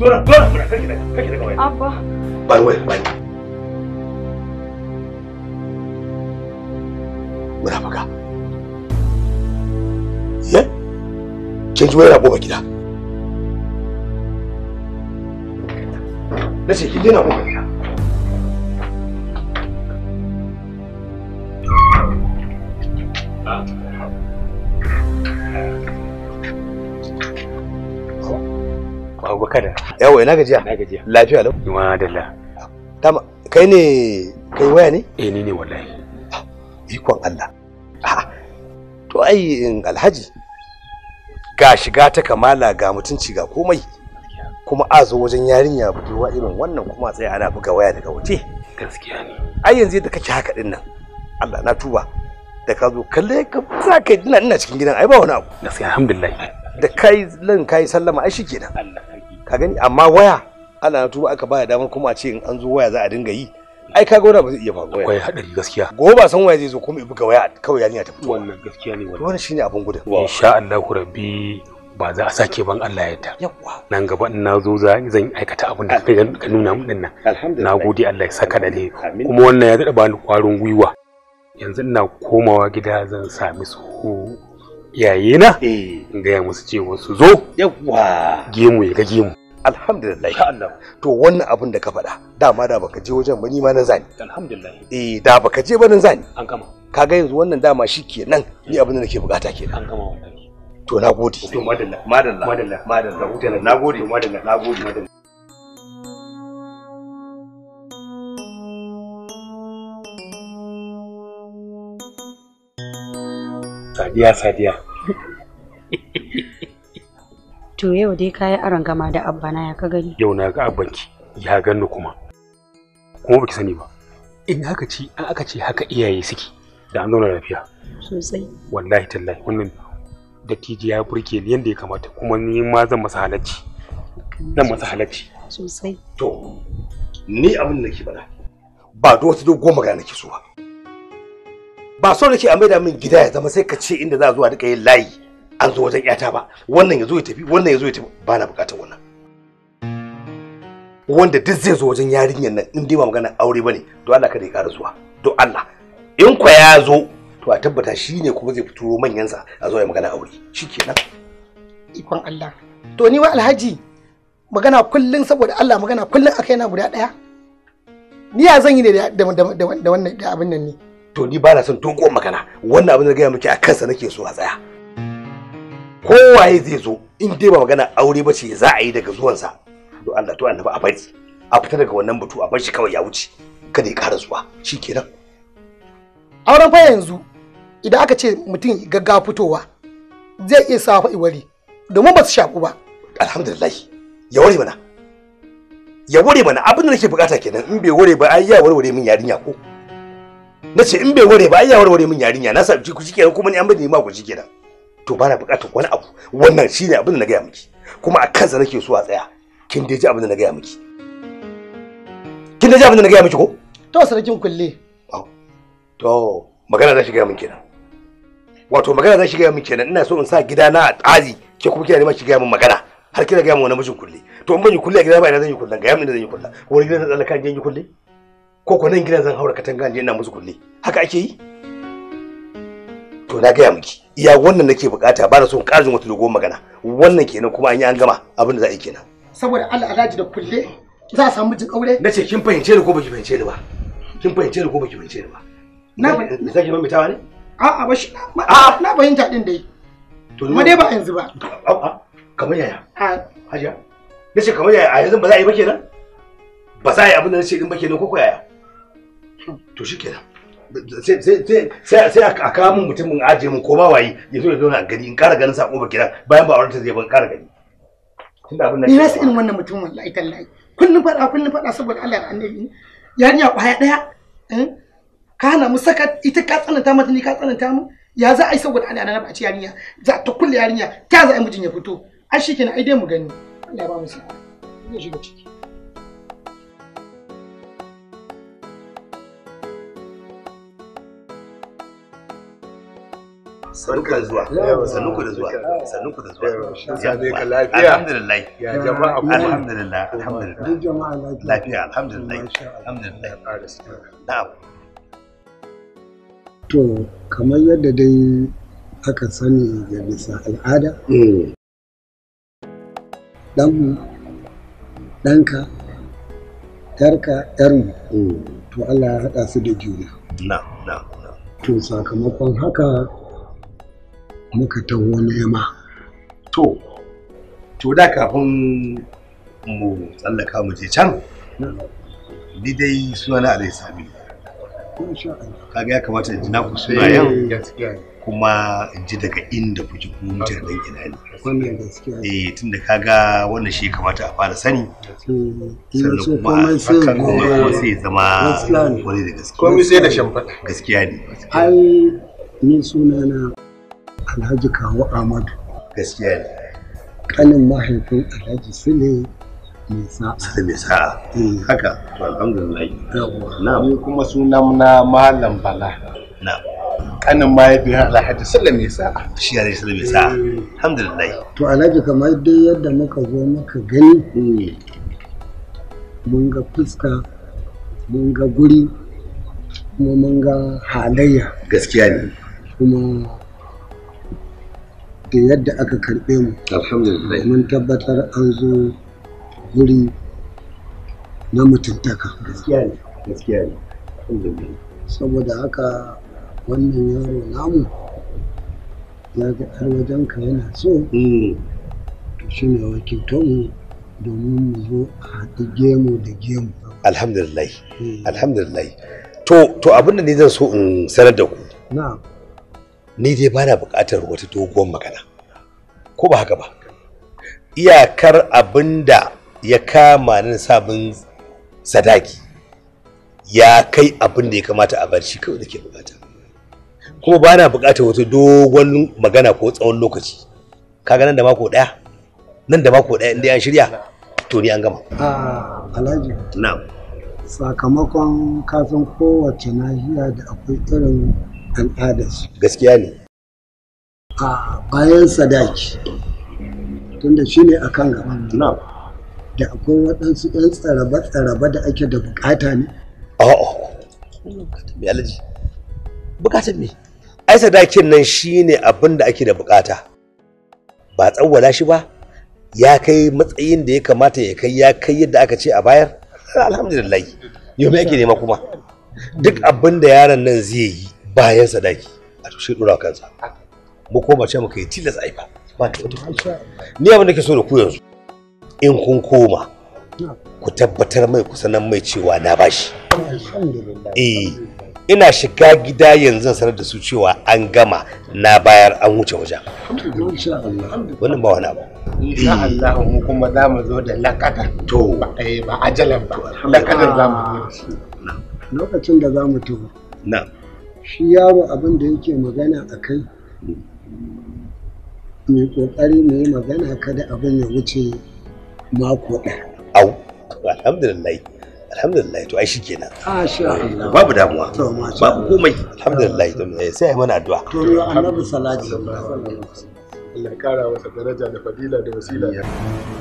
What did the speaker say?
Dora, Dora, Dora, kake daga, kake daga waya. Abba. Bani waya, bani. Munafika. Ye? Kin ji wayar gobe gida. Nace kin dena gobe Thank you. Abubakar. Yawa ina gajiya? Na gajiya. Lafiya lau? Ma dalla. Tama kai ne kai waya ne? Eh ni ne wallahi. Ikon Allah. To ai in Alhaji ga shiga ta kamala ga mutunci ga komai kuma a zo wajen yarinya budurwa irin wannan kuma sai ana buga waya daga waje. Gaskiya ne. Ai yanzu da kake haka din nan. Allah na tuba. Da ka zo kalle ka za ka ina cikin gidan ai ba wani abu. Gaskiya alhamdulillah. da kai lan kai sallama ai shikenan Allah ka gani amma waya ana na tuba aka baya damar kuma a ce in an zo waya za a dinga yi ai ka wannan ba zai iya faruwa akwai hadari gaskiya gobe ba san waya zai zo kuma buga waya kawai yarinya ta fito wannan gaskiya ne wannan wannan shine abin gudun insha Allah rabbi ba za a sake ban Allah ya yarda nan gaba in na zo zan aikata abin da ka nuna min nan na gode Allah ya saka da ni. kuma wannan ya daɗa bani ƙwarin gwiwa yanzu ina komawa gida zan sami su iyaye na eh. in gaya musu cewa su zo yawa gemu ya ga gemu alhamdulillah to wannan abin da ka faɗa dama da baka je wajen ba ni ma na zani alhamdulillah eh da baka je ba nan zani an gama kaga yanzu wannan dama shi kenan ni abin da nake bukata kenan an gama wannan to nagode to madalla madalla madalla madalla hutun nagode madalla nagode madalla sadiya sadiya To yau dai kayi aron gama da abba na ya ka gani. Yau na ga ki. ya ganni kuma. Kuma baki sani ba. In haka ci an aka ce haka iyaye suke da an zauna lafiya. Sosai. Wallahi tallahi wannan dattiji ya burke ni yanda ya kamata kuma ni ma zan masa halacci. Zan masa halacci. Sosai. To ni abin da nake bada ba da wata dogon magana nake so ba. Ba so nake a maida min gida ya zama sai ka ce inda za a zuwa duka yin layi. an zo wajen yata ba wannan ya zo ya tafi wannan ya zo ya tafi ba na bukatar wannan wanda duk zai zo wajen yarinyar nan in dai ba magana aure bane to Allah kada ya kara zuwa to Allah in kwa ya zo to a tabbata shi ne kuma zai fito manyansa a zo ya magana aure shikenan ikon Allah to ni wa alhaji magana kullun saboda Allah magana kullun akai na guda daya ni ya zan yi ne da da wannan abin nan ne to ni ba na son toko magana wannan abin da ga miki a kansa nake so a tsaya kowaye zai zo in dai ba magana aure ba ce za a yi daga zuwansa to Allah to annabi a bari a fita daga wannan batu a bar shi kawai ya wuce kada ya ƙara zuwa shikenan auren fa yanzu idan aka ce mutum gagga fitowa zai iya sa fa'i wari domin ba su shaku ba alhamdulillah ya ware mana ya ware mana abin da nake bukata kenan in bai ware ba ai ya warware min yarinya ko na ce in bai ware ba ai ya warware min yarinya na sa ku shikenan kuma ni an bani ma ku shikenan to bana buƙatar wani abu wannan shine abin da na gaya miki kuma a kansa nake so a tsaya kin dai ji abin da na gaya miki kin dai ji abin da na gaya miki ko to sarkin kulle to magana za shi gaya miki kenan wato magana za shi gaya miki kenan ina so in sa gida na a tsazi ke kuma kina neman shi gaya min magana har kina gaya min wani mijin kulle to in ban yi kulle a gida ba ina zan yi kulle gaya min da zan yi kulle wani gidan zan tsallaka in yi kulle ko ko nan gidan zan haura katanga in je ina musu kulle haka ake yi to na gaya miki iya wannan nake bukata ba na son ƙarin wata dogon magana wannan kenan kuma an yi an gama abin da za a yi kenan saboda Allah alhaji da kulle za a samu jin aure nace kin fahimce ni ko baki fahimce ni ba kin fahimce ni ko baki fahimce ni ba na fahimta zaki mai mitawa ne a'a ba shi na fahimta din dai to kuma dai ba yanzu ba a kamar yaya a hajiya nace kamar yaya a yanzu ba za a yi ba kenan ba za a yi abin da nace din ba kenan ko ko yaya to shikenan sai a kawo min mutumin ajiye min ko ba wayi ya zo ya zo na gani in kara ganin sako ba kira bayan ba aurenta zai ban kara gani tunda abin nan ne rasa irin wannan mutumin wallahi tallahi kullun fada kullun fada saboda Allah da ya yarinya kwaya daya eh? ka hana mu saka ita ka tsananta mata ni ka tsananta mu ya za a yi saboda Allah annabi ba ci yarinya za ta kulle yarinya ta za a yi mijin ya fito ai shikenan ai dai mu gani Allah ya ba mu sa'a zai shiga ciki Sannuku da zuwa. Sannuku da zuwa. Sannuku da zuwa. Yawwa. Lafiya. Alhamdulillah. Ya jama'a Alhamdulillah. Alhamdulillah. Duk jama'a lafiya. Lafiya alhamdulillah. Alhamdulillah. Na'am. To kamar yadda dai aka sani da bisa al'ada. Mm. Ɗanmu, ɗanka, ‘yarka, ‘yarmu, mm. to Allah ya haɗa su da juna. To sakamakon haka muka taho nema to to da kafin mu tsallaka mu je can ni dai suna na alai sami kaga ya kamata in ji naku eh, yan, kuma in ji daga inda kuke ku mutanen gida ne wannan eh tunda kaga wannan shi kamata a fara sani sannan kuma kuma sai zama wani da gaskiya komai sai da shamfa gaskiya ne ai ni sunana alhaji kawo Amadu. gaskiya ne kanin mahaifin alhaji su ne mai sa'a su mai sa'a eh. haka to alhamdulillah na mu kuma sunan na malam bala na kanin mahaifin alhaji sallam mai sa'a shi ya sallam mai sa'a eh. alhamdulillah to alhaji kamar dai yadda muka zo muka gani hmm. mun ga fuska mun ga guri kuma mun ga halayya gaskiya ne kuma da yadda aka karɓe mu alhamdulillah mun tabbatar an zo guri na mutuntaka gaskiya ne gaskiya ne alhamdulillah saboda haka wannan yaro namu ya ga ɗan wajen ka yana so hmm. to shi ne wakilto mu domin mu zo a haɗi gemu da gemu alhamdulillah hmm. alhamdulillah to to abin da ne zan so in sanar da ku na'am ni dai bana buƙatar wata doguwar magana ko ba haka ba iyakar abin da ya kama nan sabon sadaki ya kai abin da ya kamata a bar shi kawai da ke bukata kuma ba na bukata wata dogon magana ko tsawon lokaci kaga nan da mako daya nan da mako daya inda an shirya to ni an gama alhaji na'am sakamakon kafin kowace nahiya da akwai irin an su gaskiya ne a bayan sadaki tunda shi ne akan gaba da akwai waɗansu 'yan tsaraba-tsaraba da ake da bukata ne a'a me alaji bukatar me ai sadakin nan shine abin da ake da bukata ba tsawwala shi ba ya kai matsayin da ya kamata ya kai ya kai yadda aka ce a bayar alhamdulillah yau me ake nema kuma duk abin da yaron nan zai yi bayan sadaki a tushe dora kansa mu koma ce muka yi tilas a ba ta ni abin da ke so da ku yanzu in kun koma ku tabbatar mai ku sanan mai cewa na bashi eh ina shiga gida yanzu sanar da su cewa an gama na bayar an wuce waje. wannan ba wani abu insha eh. Allah mu kuma za mu zo da lakada to eh, ba ajalan ba lakadar za mu zo lokacin da za mu tuba na'am shi yaro abin da yake magana a kai mai kokari mu yi magana kada abin ya wuce mako ɗaya au alhamdulillah alhamdulillah to ai shi kenan ah, babu damuwa babu komai alhamdulillah sai ai mana addu'a to yo annabi sallallahu alaihi wasallam Allah ya kara masa daraja da fadila da wasila